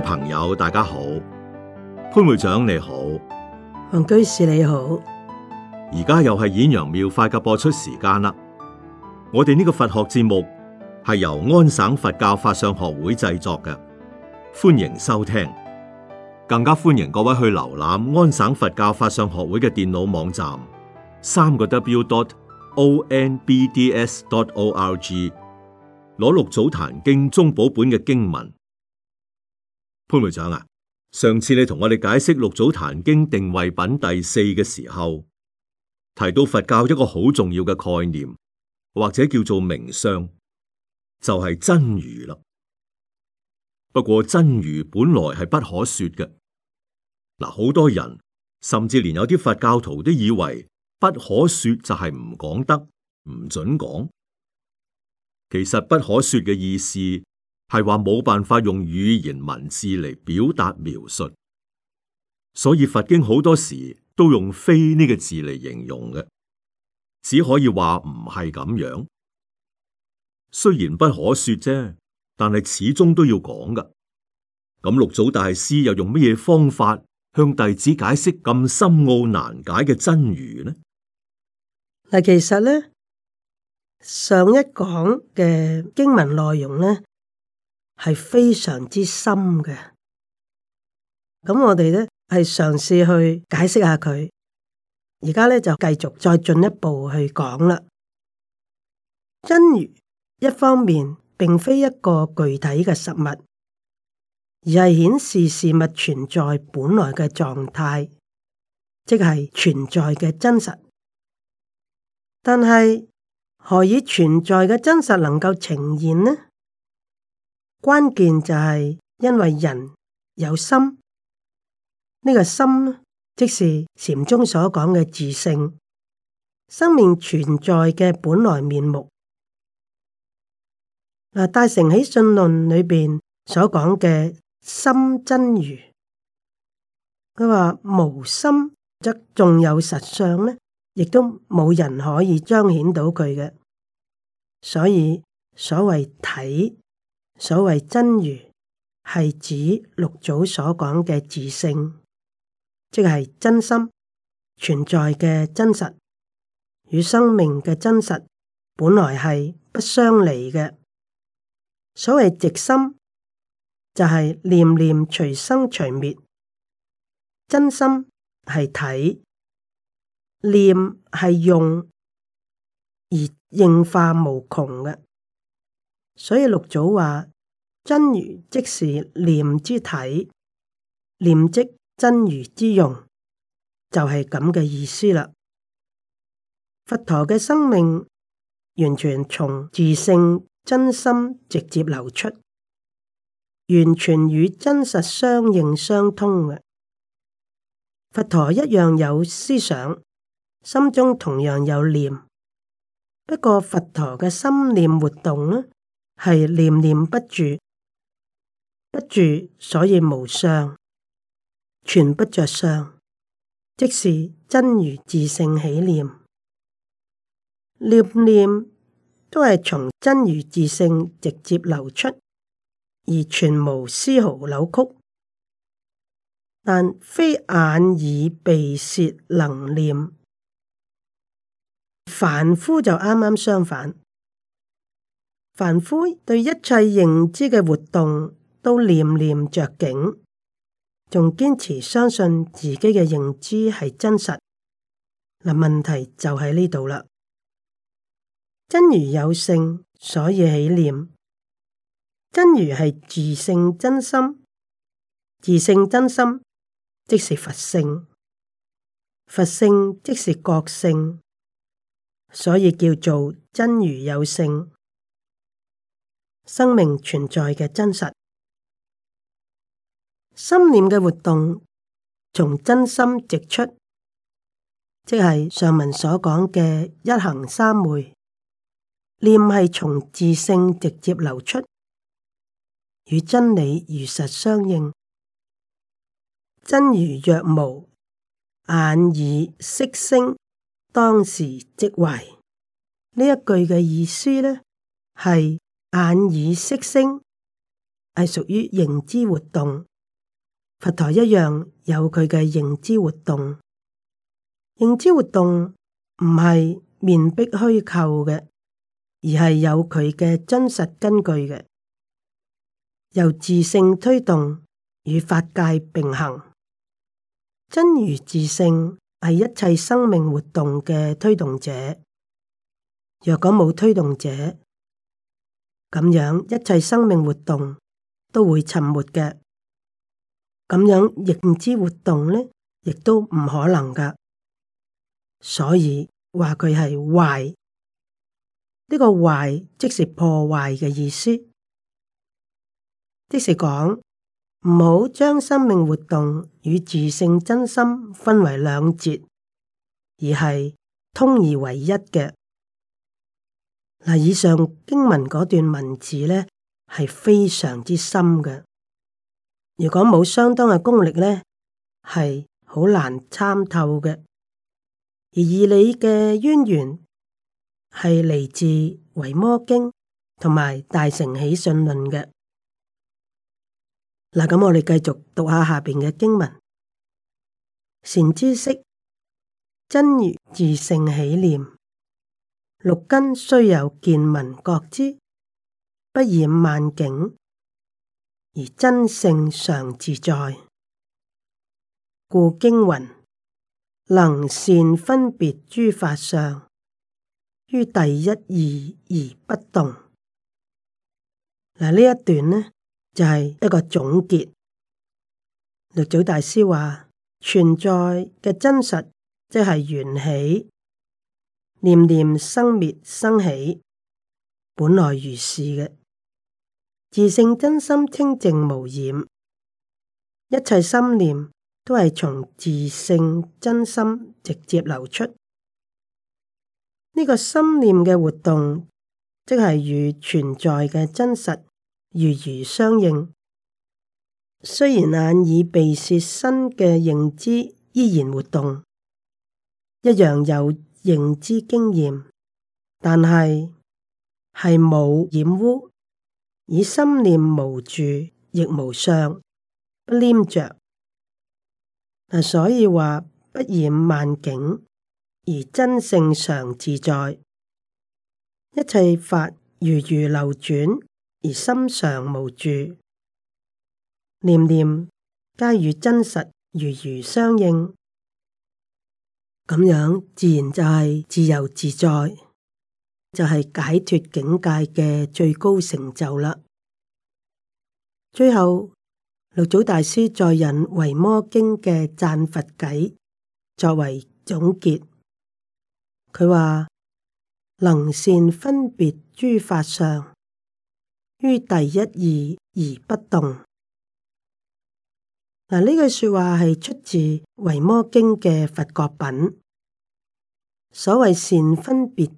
朋友，大家好，潘會長你好，黃居士你好，而家又係演陽廟快嘅播出時間啦。我哋呢個佛學節目係由安省佛教法上學會製作嘅，歡迎收聽，更加歡迎各位去瀏覽安省佛教法上學會嘅電腦網站，三個 W dot O N B D S dot O R G，攞《六祖壇經宗寶本》嘅經文。潘會長啊，上次你同我哋解釋六祖壇經定位品第四嘅時候，提到佛教一個好重要嘅概念，或者叫做名相，就係真如啦。不過真如本來係不可說嘅，嗱，好多人，甚至連有啲佛教徒都以為不可說就係唔講得，唔准講。其實不可說嘅意思。係話冇辦法用語言文字嚟表達描述，所以佛經好多時都用非呢個字嚟形容嘅，只可以話唔係咁樣。雖然不可說啫，但係始終都要講噶。咁六祖大師又用乜嘢方法向弟子解釋咁深奧難解嘅真如呢？嗱，其實呢上一講嘅經文內容呢？係非常之深嘅，咁我哋呢係嘗試去解釋下佢，而家呢，就繼續再進一步去講啦。真如一方面，並非一個具體嘅實物，而係顯示事物存在本來嘅狀態，即係存在嘅真實。但係何以存在嘅真實能夠呈現呢？關鍵就係因為人有心，呢個心即是禪宗所講嘅自性，生命存在嘅本來面目。嗱，大乘喺《信論》裏邊所講嘅心真如，佢話無心則仲有實相咧，亦都冇人可以彰顯到佢嘅。所以所謂睇。所謂真如，係指六祖所講嘅自性，即係真心存在嘅真實與生命嘅真實，本來係不相離嘅。所謂直心，就係、是、念念隨生隨滅，真心係體，念係用，而應化無窮嘅。所以六祖話真如即是念之體，念即真如之用，就係咁嘅意思啦。佛陀嘅生命完全從自性真心直接流出，完全與真實相應相通嘅。佛陀一樣有思想，心中同樣有念，不過佛陀嘅心念活動呢？係念念不住，不住所以無相，全不着相。即是真如自性起念，念念都係從真如自性直接流出，而全無絲毫扭曲。但非眼耳鼻舌能念，凡夫就啱啱相反。凡夫對一切認知嘅活動都念念着境，仲堅持相信自己嘅認知係真實。嗱，問題就喺呢度啦。真如有性，所以起念。真如係自性真心，自性真心即是佛性，佛性即是覺性，所以叫做真如有性。生命存在嘅真實，心念嘅活動從真心直出，即係上文所講嘅一行三昧。念係從自性直接流出，與真理如實相應。真如若無，眼耳色聲，當時即壞。呢一句嘅意思呢，係。眼耳色聲係屬於認知活動，佛陀一樣有佢嘅認知活動。認知活動唔係面壁虛構嘅，而係有佢嘅真實根據嘅，由自性推動與法界並行。真如自性係一切生命活動嘅推動者，若果冇推動者，咁樣一切生命活動都會沉沒嘅，咁樣認知活動呢，亦都唔可能噶。所以話佢係壞，呢個壞即是破壞嘅意思，即是講唔好將生命活動與自性真心分為兩截，而係通而為一嘅。嗱，以上經文嗰段文字咧，係非常之深嘅。如果冇相當嘅功力咧，係好難參透嘅。而以你嘅淵源係嚟自《維摩經》同埋《大乘起信論》嘅，嗱咁我哋繼續讀下下邊嘅經文：善知識，真如自性起念。六根雖有見聞覺知，不染萬境，而真性常自在。故經云：能善分別諸法相，於第一義而不動。嗱，呢一段呢就係一個總結。六祖大師話：存在嘅真實，即係緣起。念念生滅生起，本來如是嘅自性真心清淨無染，一切心念都係從自性真心直接流出。呢、這個心念嘅活動，即係與存在嘅真實如如相應。雖然眼耳鼻舌身嘅認知依然活動，一樣有。認知經驗，但係係冇染污，以心念無住亦無相，不黏着。嗱，所以話不染萬境，而真性常自在。一切法如如流轉，而心常無住，念念皆與真實，如如相應。咁樣自然就係自由自在，就係解脫境界嘅最高成就啦。最後六祖大師再引《維摩經》嘅讚佛偈作為總結，佢話能善分別諸法相，於第一義而不動。嗱，呢句說話係出自《維摩經》嘅佛國品。所謂善分別，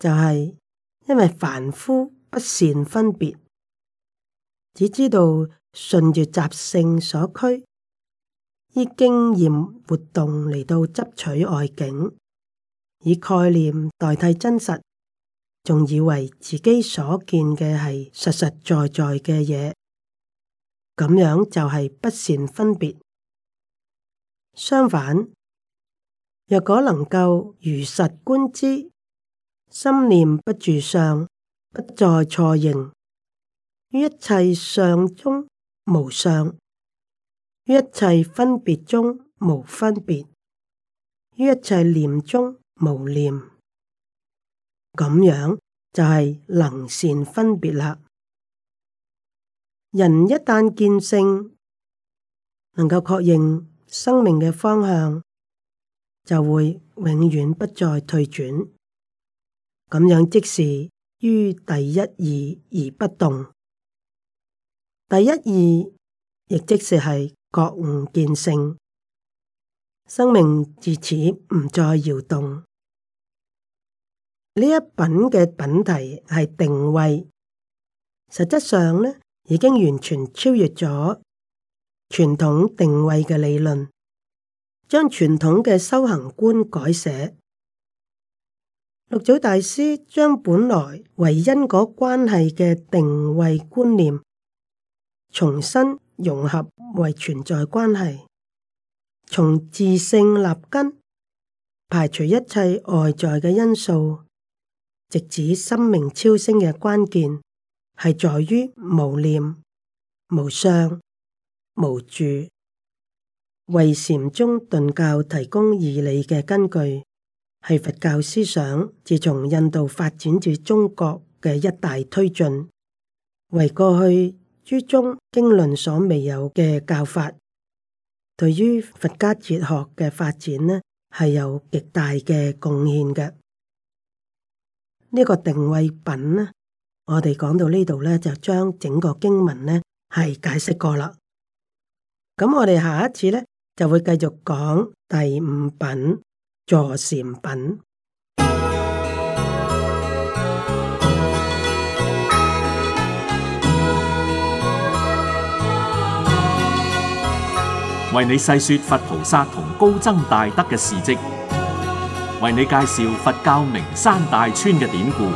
就係因為凡夫不善分別，只知道順住習性所趨，依經驗活動嚟到執取外境，以概念代替真實，仲以為自己所見嘅係實實在在嘅嘢，咁樣就係不善分別。相反，若果能夠如實觀之，心念不住相，不再錯認，於一切相中無相，於一切分別中無分別，於一切念中無念，咁樣就係能善分別啦。人一旦見性，能夠確認生命嘅方向，就會永遠不再退轉，咁樣即是於第一義而不動。第一義亦即是係覺悟見性，生命自此唔再搖動。呢一品嘅品題係定位，實質上呢已經完全超越咗傳統定位嘅理論。將傳統嘅修行觀改寫，六祖大師將本來為因果關係嘅定位觀念，重新融合為存在關係，從自性立根，排除一切外在嘅因素，直指生命超升嘅關鍵，係在於無念、無相、無住。為禪宗頓教提供義理嘅根據，係佛教思想自從印度發展至中國嘅一大推進，為過去諸宗經論所未有嘅教法，對於佛家哲學嘅發展呢，係有極大嘅貢獻嘅。呢個定位品呢，我哋講到呢度呢，就將整個經文呢係解釋過啦。咁我哋下一次呢，就會繼續講第五品坐禪品，為你細說佛菩薩同高僧大德嘅事跡，為你介紹佛教名山大川嘅典故，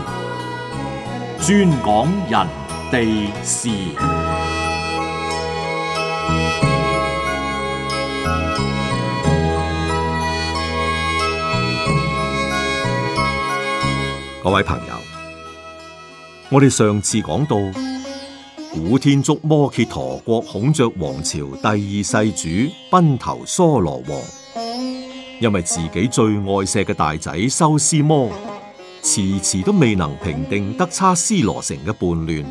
專講人地事。各位朋友，我哋上次講到古天竺摩羯陀國孔雀王朝第二世主賓頭娑羅王，因為自己最愛錫嘅大仔修斯摩，遲遲都未能平定得差斯羅城嘅叛亂，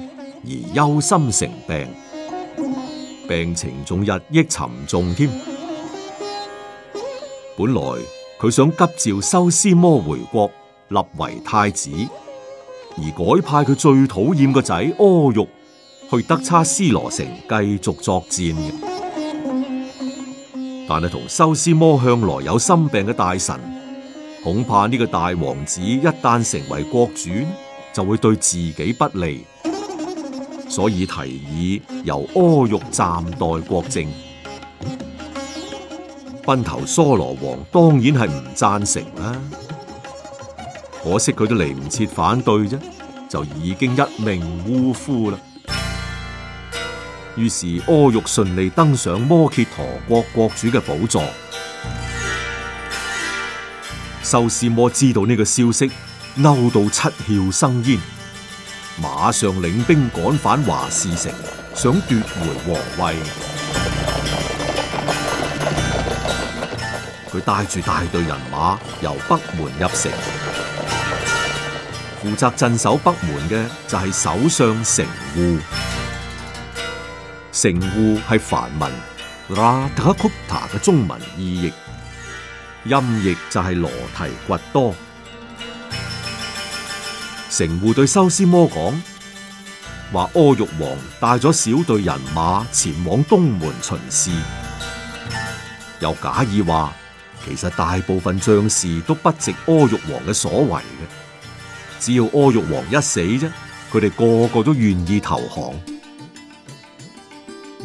而憂心成病，病情仲日益沉重添。本來佢想急召修斯摩回國。立為太子，而改派佢最討厭嘅仔柯玉去德差斯羅城繼續作戰嘅。但係同修斯摩向來有心病嘅大臣，恐怕呢個大王子一旦成為國主，就會對自己不利，所以提議由柯玉暫代國政。奔頭梭羅王當然係唔贊成啦。可惜佢都嚟唔切反對啫，就已經一命嗚呼啦。於是柯玉順利登上摩羯陀國國主嘅寶座。修士摩知道呢個消息，嬲到七竅生煙，馬上領兵趕返華氏城，想奪回王位。佢帶住大隊人馬由北門入城。負責鎮守北門嘅就係首相城護，城護係梵文 r a 那 u t a 嘅中文意譯，音譯就係羅提骨多。城護對修斯摩講，話阿育王帶咗小隊人馬前往東門巡視，又假意話其實大部分將士都不值阿育王嘅所為嘅。只要柯玉皇一死啫，佢哋個個都願意投降。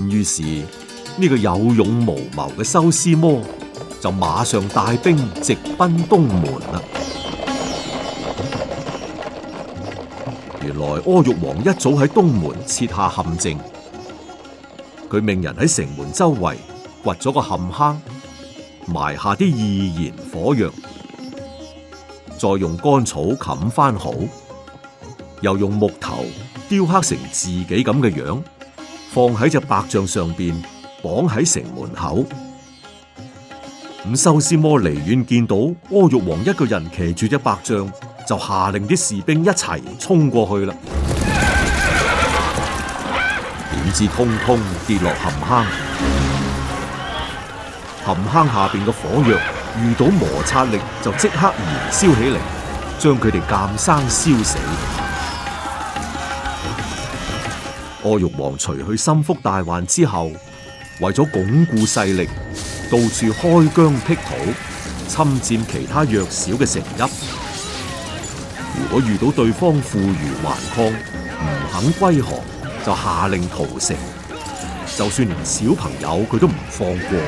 於是呢個有勇無謀嘅修斯魔就馬上帶兵直奔東門啦。原來柯玉皇一早喺東門設下陷阱，佢命人喺城門周圍掘咗個陷坑，埋下啲易燃火藥。再用乾草冚翻好，又用木頭雕刻成自己咁嘅樣，樣，放喺隻白象上邊，綁喺城門口。五修仙魔離遠見到柯玉皇一個人騎住隻白象，就下令啲士兵一齊衝過去啦。點知通通跌落陷坑，陷坑下邊嘅火藥。遇到摩擦力就即刻燃燒起嚟，將佢哋監生燒死。柯玉皇除去心腹大患之後，為咗鞏固勢力，到處開疆闢土，侵佔其他弱小嘅城邑。如果遇到對方負隅頑抗，唔肯歸降，就下令屠城。就算連小朋友佢都唔放過。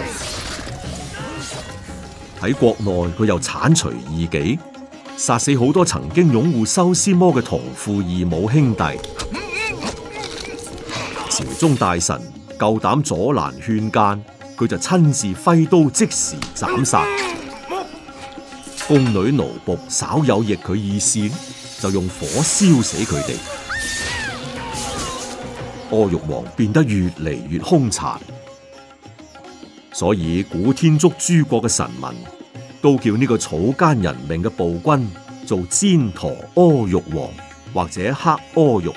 喺國內，佢又鏟除異己，殺死好多曾經擁護修斯魔嘅同父異母兄弟；朝中大臣夠膽阻攔勸諫，佢就親自揮刀即時斬殺；宮女奴僕稍有逆佢意思，就用火燒死佢哋。柯玉皇變得越嚟越凶殘，所以古天竺諸國嘅神民。都叫呢個草菅人命嘅暴君做旃陀阿育王，或者黑阿育、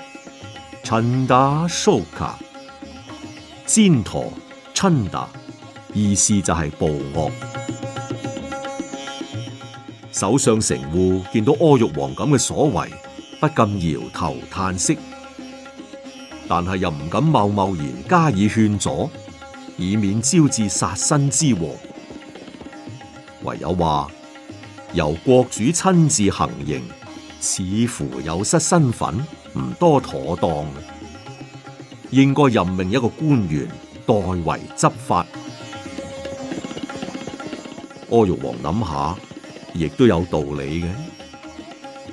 陳達蘇卡、旃陀陳達，意思就係暴惡。首相成戶見到阿育王咁嘅所為，不禁搖頭嘆息，但係又唔敢貿貿然加以勸阻，以免招致殺身之禍。唯有話由國主親自行刑，似乎有失身份，唔多妥當，應該任命一個官員代為執法。柯玉皇諗下，亦都有道理嘅，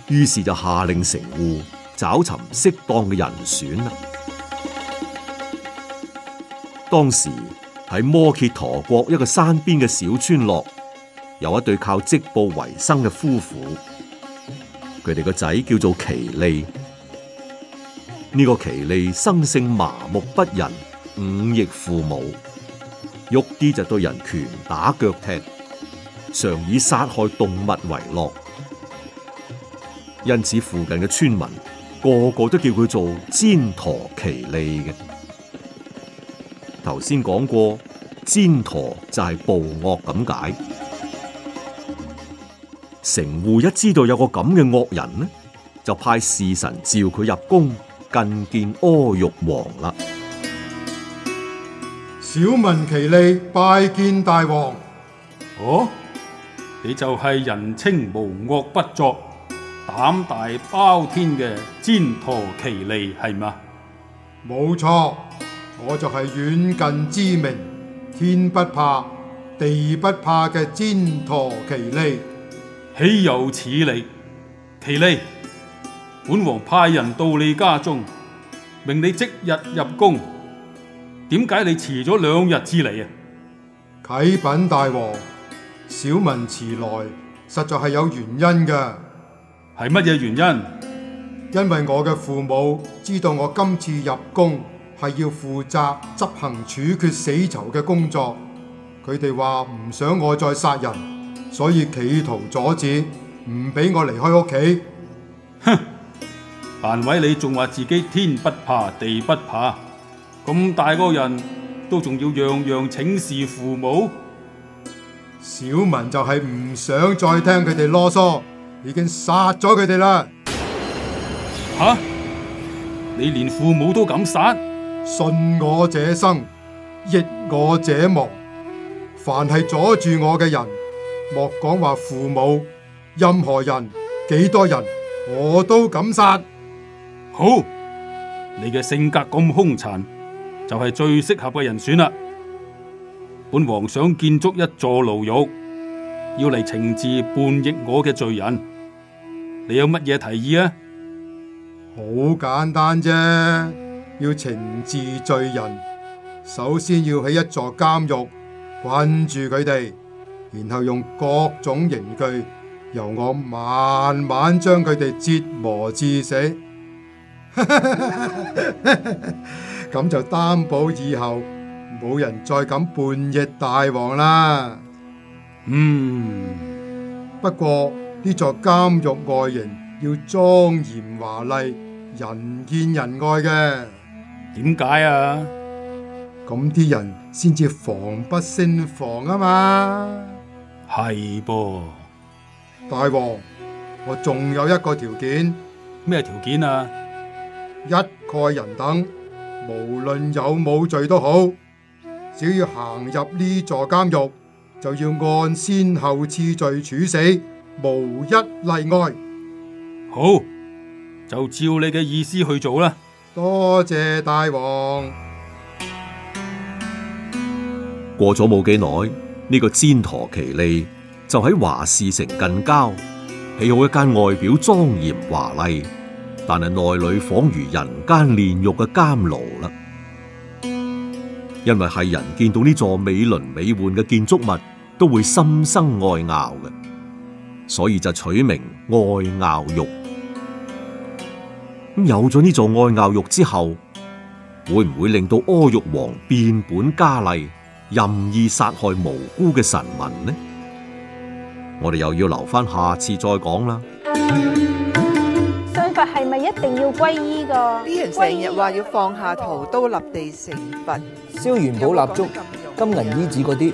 於是就下令成戶找尋適當嘅人選啦。當時喺摩羯陀國一個山邊嘅小村落。有一對靠織布為生嘅夫婦，佢哋個仔叫做奇利。呢、這個奇利生性麻木不仁，忤逆父母，喐啲就對人拳打腳踢，常以殺害動物為樂。因此附近嘅村民個個都叫佢做煎陀奇利嘅。頭先講過，煎陀就係暴惡咁解。城戶一知道有個咁嘅惡人呢，就派侍臣召佢入宮覲見阿育王啦。小民其利拜見大王。哦，你就係人稱無惡不作、膽大包天嘅旃陀其利係嗎？冇錯，我就係遠近之名，天不怕地不怕嘅旃陀其利。豈有此理？奇利，本王派人到你家中，命你即日入宮。點解你遲咗兩日之嚟啊？啟稟大王，小民遲來，實在係有原因嘅。係乜嘢原因？因為我嘅父母知道我今次入宮係要負責執行處決死囚嘅工作，佢哋話唔想我再殺人。所以企圖阻止，唔俾我離開屋企。哼！難為，你仲話自己天不怕地不怕，咁大個人都仲要樣樣請示父母？小文就係唔想再聽佢哋囉嗦，已經殺咗佢哋啦！吓？你連父母都敢殺？信我者生，逆我者亡。凡係阻住我嘅人。莫講話父母，任何人，幾多人我都敢殺。好，你嘅性格咁兇殘，就係最適合嘅人選啦。本王想建築一座牢獄，要嚟懲治叛逆我嘅罪人。你有乜嘢提議啊？好簡單啫，要懲治罪人，首先要起一座監獄，困住佢哋。然後用各種刑具，由我慢慢將佢哋折磨至死，咁就擔保以後冇人再敢叛逆大王啦。嗯，不過呢座監獄外形要莊嚴華麗，人見人愛嘅。點解啊？咁啲人先至防不勝防啊嘛。係噃，大王，我仲有一個條件。咩條件啊？一概人等，無論有冇罪都好，只要行入呢座監獄，就要按先後次序處死，無一例外。好，就照你嘅意思去做啦。多謝大王。過咗冇幾耐。呢個旃陀奇利就喺華氏城近郊，起好一間外表莊嚴華麗，但係內裏仿如人間煉獄嘅監牢啦。因為係人見到呢座美輪美奐嘅建築物，都會心生愛咬嘅，所以就取名愛咬玉。咁有咗呢座愛咬玉之後，會唔會令到柯玉皇變本加厲？任意殺害無辜嘅神民呢？我哋又要留翻下，下次再講啦。信佛係咪一定要皈依㗎？啲人成日話要放下屠刀立地成佛，燒元寶蠟燭、金銀衣紙嗰啲，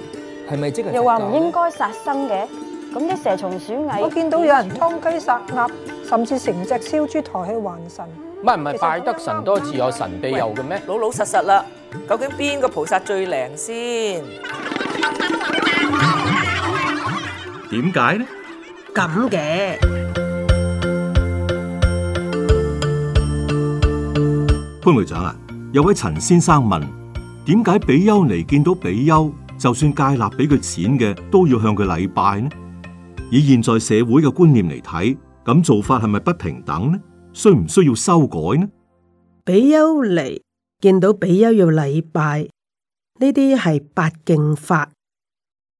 係咪、嗯、即係？又話唔應該殺生嘅，咁啲蛇蟲鼠蟻，我見到有人劏雞殺鴨，甚至成隻燒豬抬去還神。唔係唔係，拜得神多自有神庇佑嘅咩？喂老老實實啦。究竟邊個菩薩最靈先？點解呢？咁嘅潘會長啊，有位陳先生問：點解比丘尼見到比丘，就算戒納俾佢錢嘅，都要向佢禮拜呢？以現在社會嘅觀念嚟睇，咁做法係咪不，不平等呢？需唔需要修改呢？比丘尼。見到比丘要禮拜，呢啲係八敬法，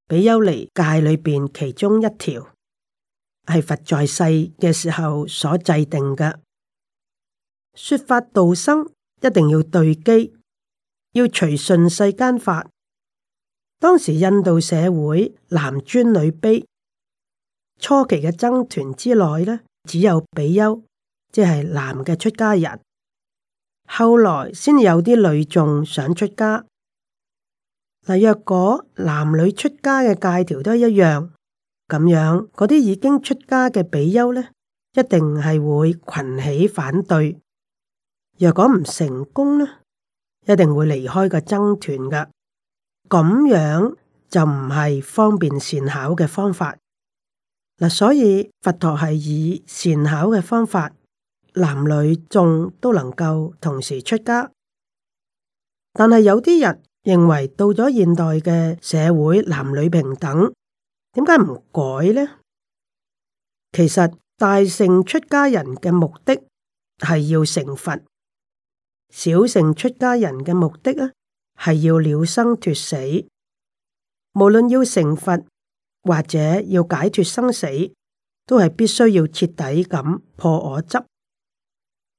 比丘尼戒裏邊其中一條，係佛在世嘅時候所制定嘅。說法度生一定要對機，要隨順世間法。當時印度社會男尊女卑，初期嘅僧團之內呢，只有比丘，即係男嘅出家人。後來先有啲女眾想出家。嗱，若果男女出家嘅戒條都一樣，咁樣嗰啲已經出家嘅比丘呢，一定係會群起反對。若果唔成功呢，一定會離開個僧團噶。咁樣就唔係方便善巧嘅方法。嗱，所以佛陀係以善巧嘅方法。男女眾都能夠同時出家，但係有啲人認為到咗現代嘅社會，男女平等，點解唔改呢？其實大乘出家人嘅目的係要成佛，小乘出家人嘅目的呢，係要了生脫死。無論要成佛或者要解脫生死，都係必須要徹底咁破我執。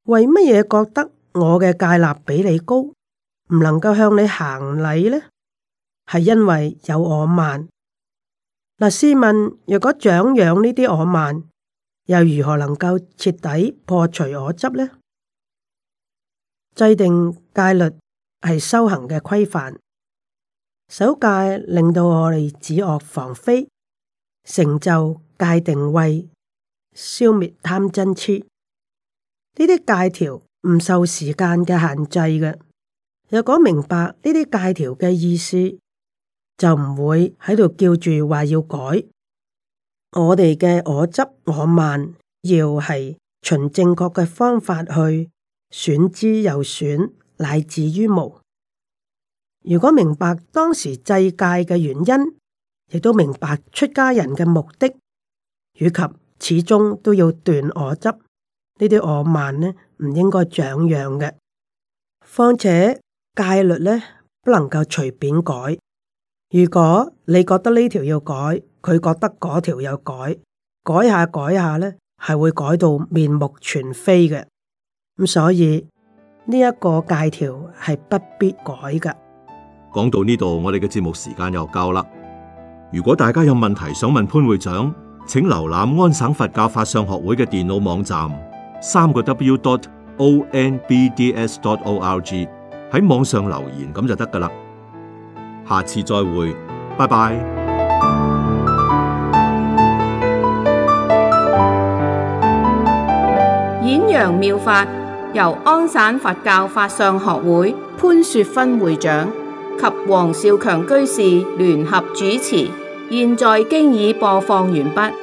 為乜嘢覺得我嘅戒律比你高，唔能夠向你行禮呢？係因為有我慢。嗱，試問若果長養呢啲我慢，又如何能夠徹底破除我執呢？制定戒律係修行嘅規範，守戒令到我哋止惡防非，成就戒定慧，消滅貪嗔癡。呢啲戒條唔受時間嘅限制嘅，若果明白呢啲戒條嘅意思，就唔會喺度叫住話要改我哋嘅我執我慢，要係循正確嘅方法去選之又選，乃至於無。如果明白當時制戒嘅原因，亦都明白出家人嘅目的，與及始終都要斷我執。呢啲傲慢呢，唔應該張揚嘅。況且戒律呢，不能夠隨便改。如果你覺得呢條要改，佢覺得嗰條要改，改下改下呢，係會改到面目全非嘅。咁、嗯、所以呢一、這個戒條係不必改嘅。講到呢度，我哋嘅節目時間又夠啦。如果大家有問題想問潘會長，請瀏覽安省佛教法相學會嘅電腦網站。三個 w d o t o n b d s d o t o r g 喺網上留言咁就得噶啦。下次再會，拜拜。演揚妙法由安省佛教法相學會潘雪芬會長及黃少強居士聯合主持，現在經已播放完畢。